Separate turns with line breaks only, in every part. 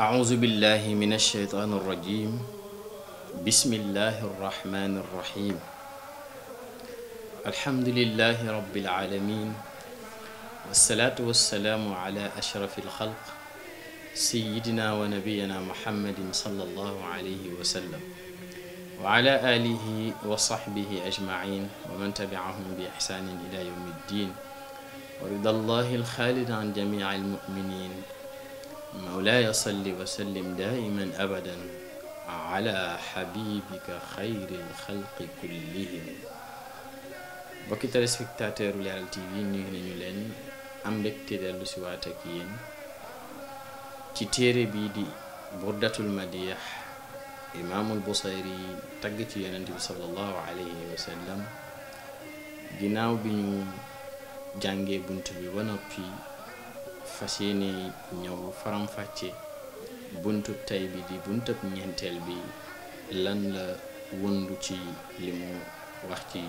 أعوذ بالله من الشيطان الرجيم بسم الله الرحمن الرحيم الحمد لله رب العالمين والصلاة والسلام على أشرف الخلق سيدنا ونبينا محمد صلى الله عليه وسلم وعلى آله وصحبه أجمعين ومن تبعهم بإحسان إلى يوم الدين ورضا الله الخالد عن جميع المؤمنين مولاي صل وسلم دائما أبدا على حبيبك خير الخلق كلهم mbokki téléspectateur u Leral TV nuyu nañu leen am mbégte dellu si waat ak yéen ci téere bii di burdatul madix imaamul busayri tagg ci yonent bi sallallahu alayhi wa sallam bi ñu jàngee bunt bi fas yéene ñëw faram-fàcce buntub bi di buntub ñeenteel bi lan la wëndu ci li mu wax ci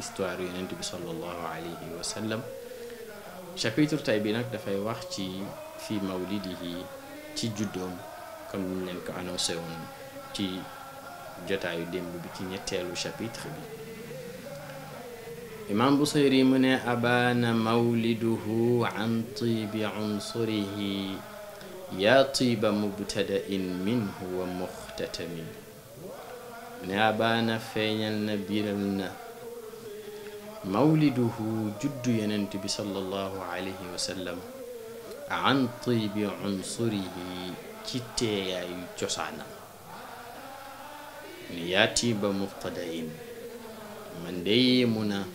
histoire yonent bi sallallahu alayhi wa chapitre tey bi nag dafay wax ci fi mawlidihi ci juddoom comme ni ñu leen ko annoncé woon ci jotaayu démb bi ci ñetteelu chapitre bi imaam Busayri mu ne abaana mawliduhu an tiibi unsurihi yaa tiiba mubtada'in minhu wa muxtatamin mu ne abaana feeñal na biiral na mawliduhu juddu yonent bi sallallahu alayhi wa sallam an tiibi unsurihi ci teeyaayu cosaanam mu ne yaa tiiba mubtada'in man dey mu na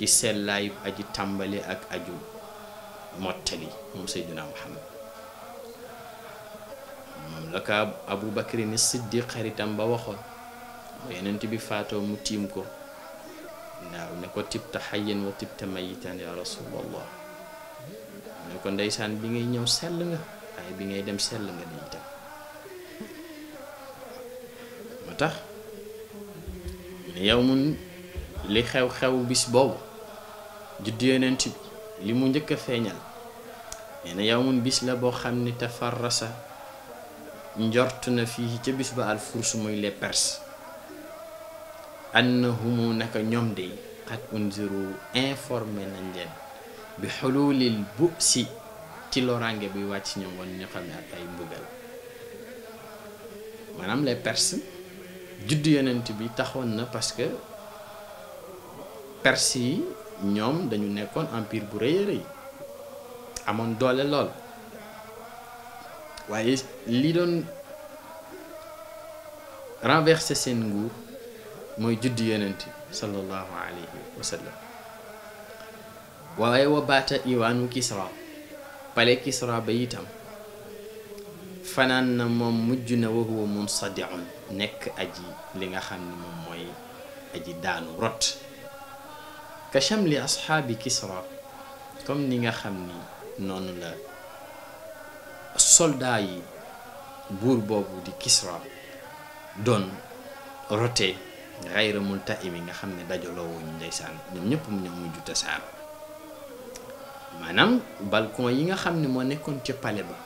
ci sellaayub aji tàmbali ak aju mottali moom seyduna muhammad moom la ko abu bakri ni xaritam ba waxoon mu yenent bi faatoo mu tiim ko naaw ne ko tibta xayyan wa tibta mayitan ya rasulallah ne ko ndeysaan bi ngay ñëw sell nga waaye bi ngay dem sell nga day itam moo tax yow mun li xew-xew bis boobu juddu yonent bi li mu njëkk a feeñal nee na mun bis la boo xam ni tafarrasa njort na fii ca bis ba alfurs muy les Perses annahumu naka ñoom de xat unziru informé nañ leen bi xululil bu si ci loraange bi wàcc ñoom woon ñu xam ne ak ay mbugal maanaam les Perses juddu yonent bi taxoon na parce que Perses yi ñoom dañu nekkoon empire bu rëy rëy amoon doole lool waaye li doon renverser seen nguur mooy judd yonent sallallahu alayhi wa sallam waaye wa iwaanu Kisra pale Kisra ba itam fanaan na moom mujj na wa huwa munsadirun nekk aji li nga xam ne moom mooy aji daanu rot ka chamli asxaabi kisra comme ni nga xam ni noonu la soldat yi buur boobu di kisra doon rote xayra multaimi nga xam ne dajaloo wuñu ndeysaan ñoom ñëpp mu ne mujj tasaar maanaam balcon yi nga xam ni moo nekkoon ca palais ba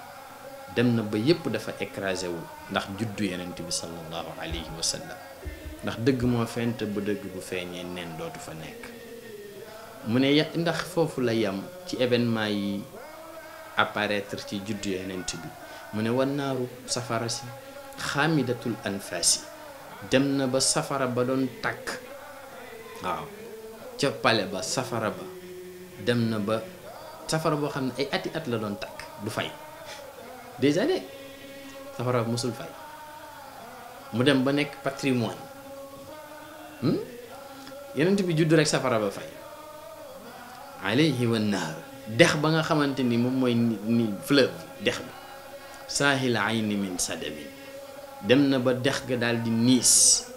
dem na ba yépp dafa écrasé wu ndax juddu yenent bi sallallahu alayhi wa sallam ndax dëgg moo fent ba dëgg bu feeñee neen dootu fa nekk mu ne ya ndax foofu la yam ci événement yi apparaître ci juddu yonent bi mu ne wannaaru safara si xaamidatul anfaasi dem na ba safara ba doon takk waaw ca pale ba safara ba dem na ba safara boo xam ne ay ati at la doon takk du fay des années safara ba mosul fay mu dem ba nekk patrimoine hmm? yonent bi juddu rek safara ba fay alayhi wa naar dex ba nga xamante ni moom mooy ni fleuve dex bi saahil ayni min sadabi dem na ba dex ga daal di niis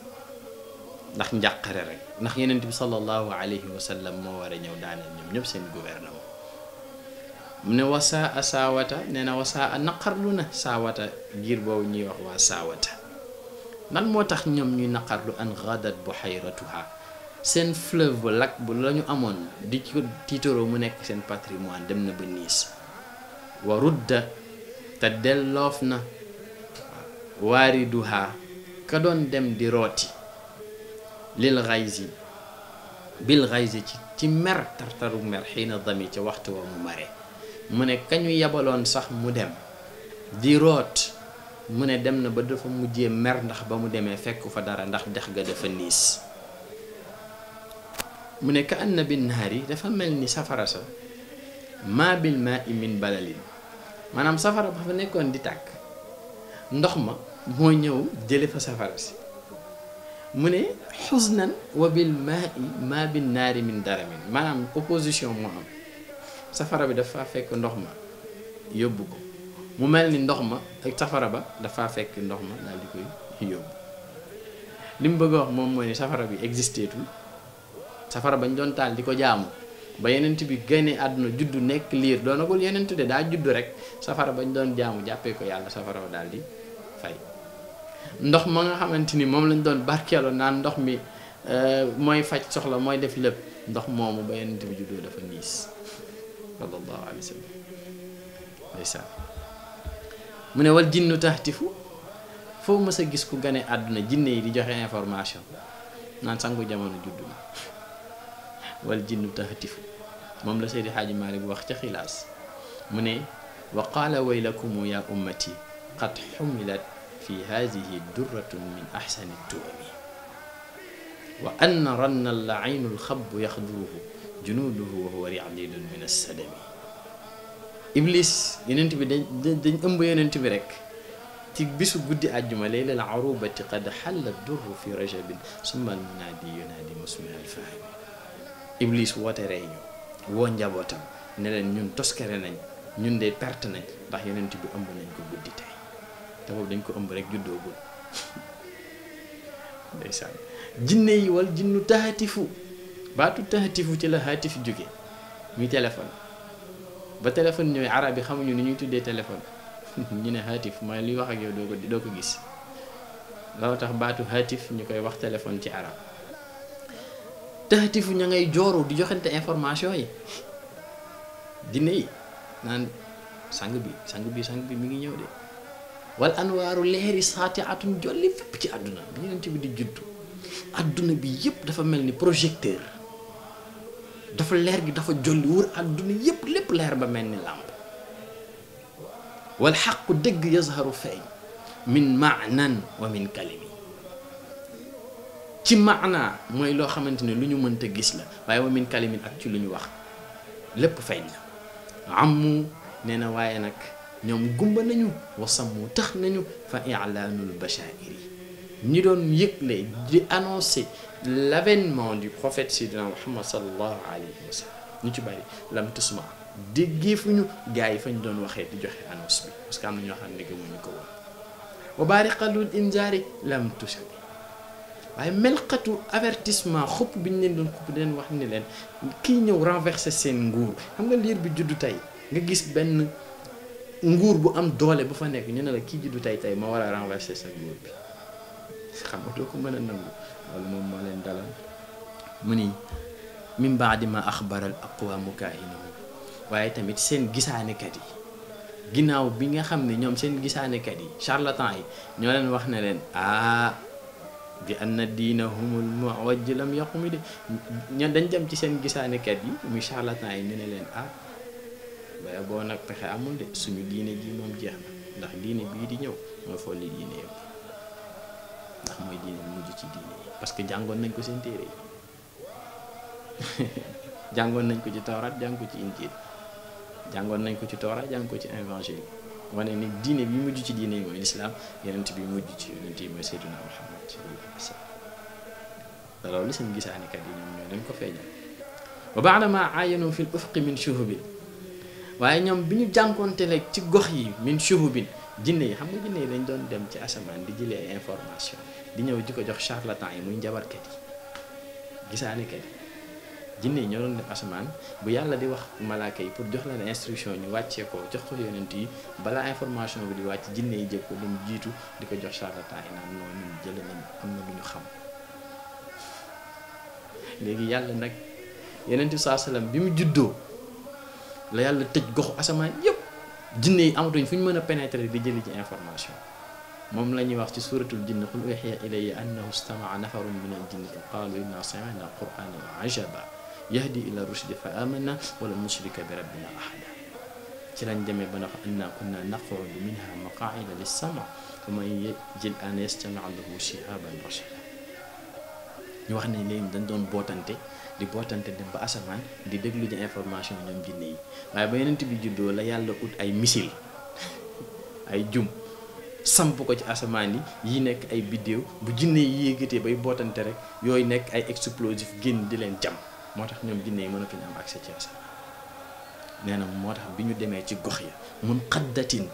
ndax njàqare rek ndax yenent bi sallallahu alayhi wa moo war a ñëw daaneel ñoom ñëpp seen gouvernement mu ne wasaa a saawata nee na wasaa a naqarlu na saawata giir boobu ñuy wax waa saawata nan moo tax ñoom ñuy naqarlu an gadat buhayratuha seen fleuve bu lac bu lañu amoon di ko tiitaroo mu nekk seen patrimoine dem na ba niis wa rudda te delloof na waari duhaa ka doon dem di rooti lil xaysi bil xaysi ci ci mer tartaru mer xii na dami ca waxtu wa mu mare mu ne kañu yebaloon sax mu dem di root mu ne dem na ba dafa mujjee mer ndax ba mu demee fekk fa dara ndax dex ga dafa niis mu ne ka anna bi naar yi dafa mel ni safara sa ma bil maa i min balalin maanaam safara ba fa nekkoon di tàkk ndox ma moo ñëw jële fa safara si mu ne xusnan wa bil maa i maa bil naari min daramin maanaam opposition moo am safara bi dafa fekk ndox ma yóbbu ko mu mel ni ndox ma ak safara ba dafa fekk ndox ma daal di koy yóbbu li mu bëgg a wax moom mooy ne safara bi existeetul safara bañ doon taal di ko jaamu ba yenent bi génne àdduna juddu nekk liir doonagul yenent de daa juddu rek safara bañ doon jaamu jàppee ko yàlla safara ba daal di fay ndox ma nga xamante ni moom lañ doon barkeeloo naan ndox mi euh, mooy faj soxla mooy def ndox moomu ba yenent dafa niis sallallahu alayhi mu ne wal jinnu taxtifu foo mës a gis ku gane àdduna jinne yi di joxe information naan sangu jamono juddu na wal jinnu tahtifu moom la Seydi Xaaji Maalik wax ca xilaas mu ne wa qaala waylakumu yaa ummati qad xumilat fi haadihi durratun min axsani tuumi wa anna ranna laainu alxabu yaxduruhu junuuduhu wa huwa riadidun min assadami iblis yenent bi dañ dañ ëmb yenent bi rek ci bisu guddi àjjuma leylal arubati qad xalla durru fi rajabin summa almunaadi yunaadi musmiha alfahami Iblis woote réunion woo njabootam ne leen ñun toskere nañ ñun de perte nañ ndax yonent bi ëmb nañ ko guddi tey te boobu dañ ko ëmb rek juddoogul ndeysaan jinne yi wal jinnu taxatifu baatu taxatifu ci la xaatif jóge muy téléphone ba téléphone ñooy arab yi xamuñu ni ñuy tuddee téléphone ñu ne xaatif mooy luy wax ak yow doo ko doo ko gis loo tax baatu xaatif ñu koy wax téléphone ci arab tëxatifu ña ngay jooroo di joxante information yi dina yi naan sang bi sang bi sang bi mi ngi ñëw de wal anwaaru leeri saati atum jolli fépp ci àdduna bi yonent bi di juddu àdduna bi yëpp dafa mel ni projecteur dafa leer gi dafa jolli wër àdduna yëpp lépp leer ba mel ni làmp wal xaqu dëgg yazharu feeñ min maanan wa min kalimi ci maanaa mooy loo xamante ne lu ñu mënta gis la waaye wa min kalimin ak ci lu ñu wax lépp feeñ na amu nee na waaye nag ñoom gumba nañu wasamu tax nañu fa ilaanul bachairi ñi doon yëgle di annoncer l'avènement du prophète sidina muhammad salallahu alayhi wa sallam ñu ci bari lam tusma ñu gaa yi fañ doon waxee di joxe annonce bi parce que am na ñoo xam ne gëmuñu ko woon wa baariqalul injaari lam tusabi waaye melxatu avertissement xupp bi ñu leen doon xupp di leen wax ni leen kii ñëw renverser seen nguur xam nga liir bi juddu tey nga gis benn nguur bu am doole bu fa nekk ñu ne la kii juddu tey tey ma war a renverser sa nguur bi xam nga doo ko mën a nangu loolu moom moo leen dalal mu ni min di ma axbaral aqwaamu kaahinahu waaye tamit seen gisaanekat yi ginnaaw bi nga xam ne ñoom seen gisaanekat yi charlatan yi ñoo leen wax ne leen ah bi anna diinahumul muwajj lam yaqumi de ña dañ dem ci seen gisaanekat yi muy charlatan yi ñu ne leen ah waaye boo nag pexe amul de suñu diine ji moom jeex na ndax diine bii di ñëw mooy folli diine yëpp ndax mooy diine mujj ci diine yi parce que jàngoon nañ ko seen téere yi jàngoon nañ ko ci tawraat jàng ko ci injiil jàngoon nañ ko ci tawraat jàng ko ci évangile wane ni diine bi mujj ci diine yi mooy lislaam yonent bi mujj ci yonent yi mooy Seydina Muhammad sallallahu alayhi wa sallam te loolu seen gisaanekat yi ñoom ñoo dañ ko feeñal wa baada ma aayanu fi l ufqi min shuhubin waaye ñoom bi ñu jànkoontelee ci gox yi min shuhubin jinne yi xam nga jinne yi dañ doon dem ci asamaan di jëlee information di ñëw di ko jox temps yi muy njabarkat yi gisaanekat yi jinne yi ñoo doon dem asamaan bu yàlla di wax malaaka yi pour jox leen instruction ñu wàccee ko jox ko yonent yi balaa information bi di wàcc jinne yi jël ko dem jiitu di ko jox charlatan yi naan nañ am na lu ñu xam léegi yàlla nag yonent bi saa salaam bi mu juddoo la yàlla tëj goxu asamaan yëpp jinne yi amatuñ fu ñu mën a pénétrer di jëli ci information moom la ñuy wax ci suuratul jinn qul uhiya ilayya annahu istama'a nafarun min al jinni fa qaalu inna sami'na qur'anan ajaba yahdi ila rushdi fa amanna wala nushrika bi rabbina ahada ci lañ demee ba na ko anna kunna naqudu minha maqaida lissama wa man yajid an yastami lahu shihaban rashada ñu wax ne léegi dañ doon bootante di bootante dem ba asamaan di déglu ji information ñoom jinne yi waaye ba yenent bi juddoo la yàlla ut ay missile ay jum samp ko ci asamaan yi yi nekk ay biddéew bu jinne yi yéegatee bay bootante rek yooyu nekk ay explosif génn di leen jam moo tax ñoom jinne yi mënatuñu am accès ci asal nee na moo tax bi ñu demee ci gox ya mun xaddatin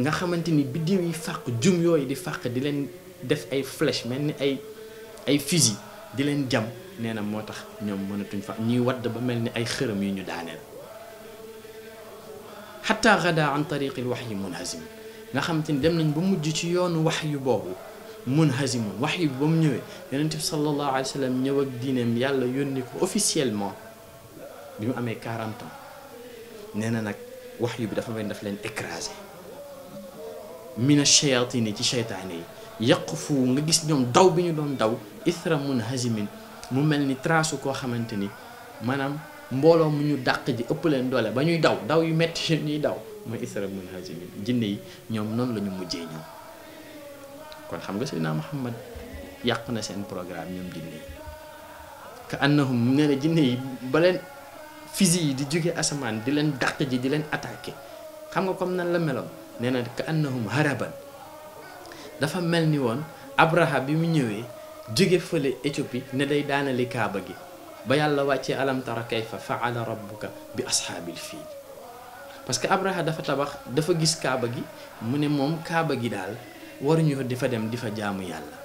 nga xamante ni biddiw yi fàq jum yooyu di fàq di leen def ay flèche mel ni ay ay fusil di leen jam nee na moo tax ñoom mënatuñ fa ñuy wadd ba mel ni ay xërëm yu ñu daaneel xatta gada an tariqil wax yi munhazim nga xamante ni dem nañ ba mujj ci yoonu wax yu boobu mun hasimun wax yi ba mu ñëwee yonent bi sallallahu alayhi wa sallam ñëw ak diineem yàlla yónni ko officiellement bi mu amee 40 ans nee na nag wax yu bi dafa mel daf leen écrasé mina shayatin ci seytaane yi yaqufu nga gis ñoom daw bi ñu doon daw ithra mun hasimin mu mel ni trasu koo xamante ni maanaam mbooloo mu ñu dàq ji ëpp leen doole ba ñuy daw daw yu metti ñuy daw mooy ithra mun hasimin jinne yi ñoom noonu la ñu mujjee ñoom kon xam nga Seydina Muhammad yàq na seen programme ñoom jinne yi ka annahum nee na jinne yi ba fisi yi di jóge asamaan di leen dàq ji di leen attaqué xam nga comme nan la meloon nee na ka annahum haraban dafa mel ni woon Abraha bi mu ñëwee jóge fële Éthiopie ne day daanali kaaba gi ba yàlla wàccee alam tara kayfa faala rabbuka bi ashaabil fiil parce que dafa tabax dafa gis kaaba gi mu ne moom kaaba gi daal war waruñu di fa dem di fa jaamu yàlla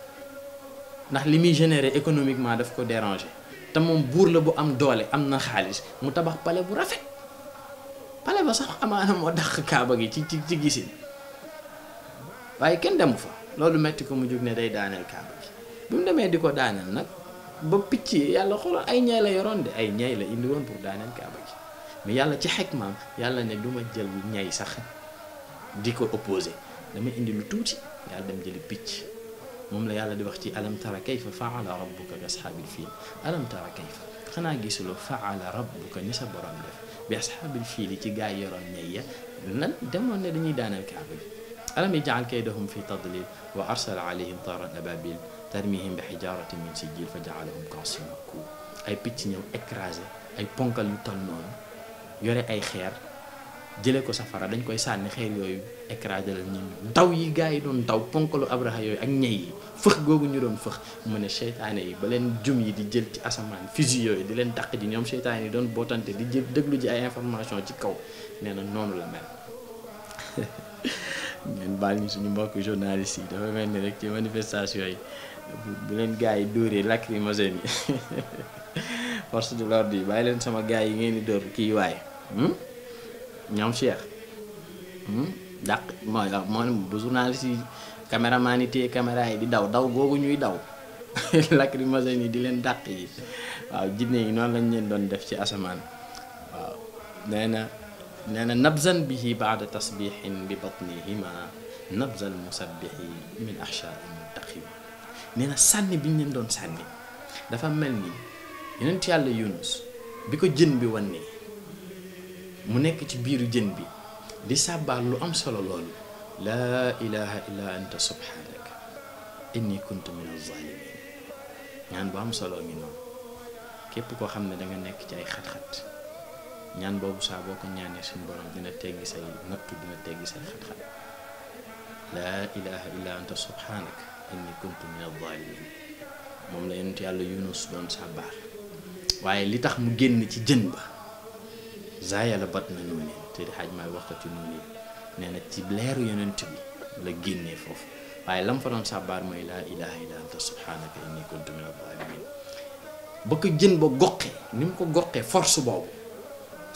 ndax li muy générer économiquement daf ko déranger te moom buur la bu am doole am na xaalis mu tabax pale bu rafet pale ba sax amaana moo dàq kaaba gi ci ci ci gisin waaye kenn demu fa loolu metti ko mu jóg ne day daaneel kaaba gi bi demee di ko daaneel nag ba picc yi yàlla xoolal ay ñay la yoroon de ay ñay la indi woon pour daaneel kaaba gi mais yàlla ci xekmaam yàlla ne du ma jël ñay sax di ko opposé dama indi lu yàlla dem jëli picc moom la yàlla di wax ci alam tara kayfa faala rabbuka bi ashaabil fiil alam tara kayfa xanaa gisuloo faala rabbuka ni sa borom def bi ashaabil fiil yi ci gaa yi yoroon ñay ya lan demoon ne dañuy daaneel bi alam yaj'al fi tadlil wa arsala alayhim taaran ababil tarmihim bi xijaaratin min sijil fa ja'alahum ka'sin makuul ay picc ñëw écrasé ay ponkal yu toll noonu ay xeer jëlee ko safara dañ koy sànni xeer yooyu écrasé la nit ñi daw yi gars yi doon daw ponkalu abraha yooyu ak ñey yi fëx googu ñu doon fëx mu ne seytaane yi ba leen jum yi di jël ci asamaan fusil yooyu di leen dàq ji ñoom seytaane yi doon bootante di jël déglu ji ay information ci kaw nee na noonu la mel ngeen baal ñu suñu mbokk journaliste yi dafa mel ni rek ci manifestation yi bu leen gars yi dóoree lacrymogène yi force de l'ordre yi bàyyi leen sama gars yi ngeen di dóor kii hmm? ñoom Cheikh hmm? dàq mooy mooy bu journaliste yi caméraman yi téye yi di daw daw googu ñuy daw lacrymogène yi di leen dàq yi waaw jinne yi noonu lañ leen doon def ci asamaan waaw nee na nee na nabzan bihi baada tasbihin bi batnihima nabzal musabbihi min ahshari muttaqin nee sànni bi ñu leen doon sànni dafa mel ni yeneen yàlla Yunus bi ko jën bi wannee mu nekk ci biiru jën bi di sàbbaal lu am solo loolu laa ilaha illa anta subhanaka inni kuntu min az-zalimin ñaan bu am solo ngi noonu képp koo xam ne danga nekk ci ay xat-xat ñaan boobu saa ko ñaanee suñu borom dina teggi say nattu dina teggi say xat-xat laa ilaha illa anta subhanaka inni kuntu min az-zalimin moom la yonent yàlla yunus doon sàbbaal waaye li tax mu génn ci jën ba zaayala bat na noonu te di xaaj maay waxati noonu nee na ci leeru yonent bi la génnee foofu waaye lam fa doon sàbbaar mooy laa ilaha illa anta subhanaka inni kuntu minal zalimin ba ko jën ba goqee ni mu ko goqee force boobu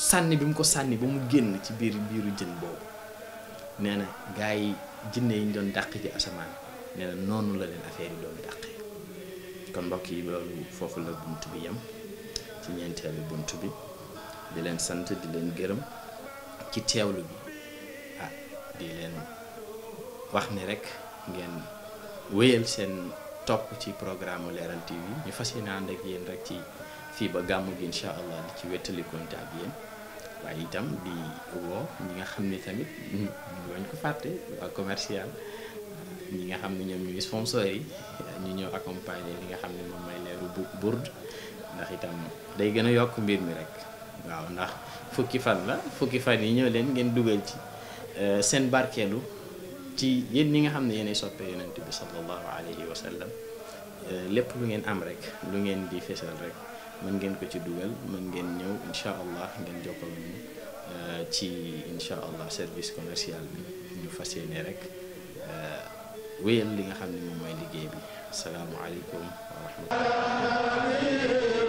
sànni bi mu ko sànni ba mu génn ci biir biiru jën boobu nee na gars yi jinne yi ñu doon dàq ci asamaan nee noonu la leen affaire yi doon dàqee kon mbokk yi loolu foofu la bunt bi yem ci ñeenteelu bunt bi di leen sant di leen gërëm ci teewlu bi ah di leen wax ni rek ngeen wéyal seen topp ci programme Leral TV ñu fas yéene ànd ak yéen rek ci fii ba gàmmu gi incha allah di ci wettalikonte ak yéen waaye itam di woo ñi nga xam ni tamit ñu ko fàtte waa commercial nga xam ne ñoom ñuy sponsor yi ñu ñëw accompagner li nga xam ne moom may leeru bu bourde ndax itam day gën a yokk mbir mi rek waaw ndax fukki fan la fukki fan yi ñëw leen ngeen dugal ci euh, seen barkeelu ci yéen li nga xam ne yéenay soppe yonent bi sallallahu alayhi wa sallam euh, lépp lu ngeen am rek lu ngeen di fesal rek mën ngeen ko ci dugal mën ngeen ñëw incha allah ngeen jokkal ñu euh, ci incha allah service commercial bi ñu fas yéene rek wéyal li nga xam ne moom mooy liggéey bi asalaamualeykum wa rahmatullah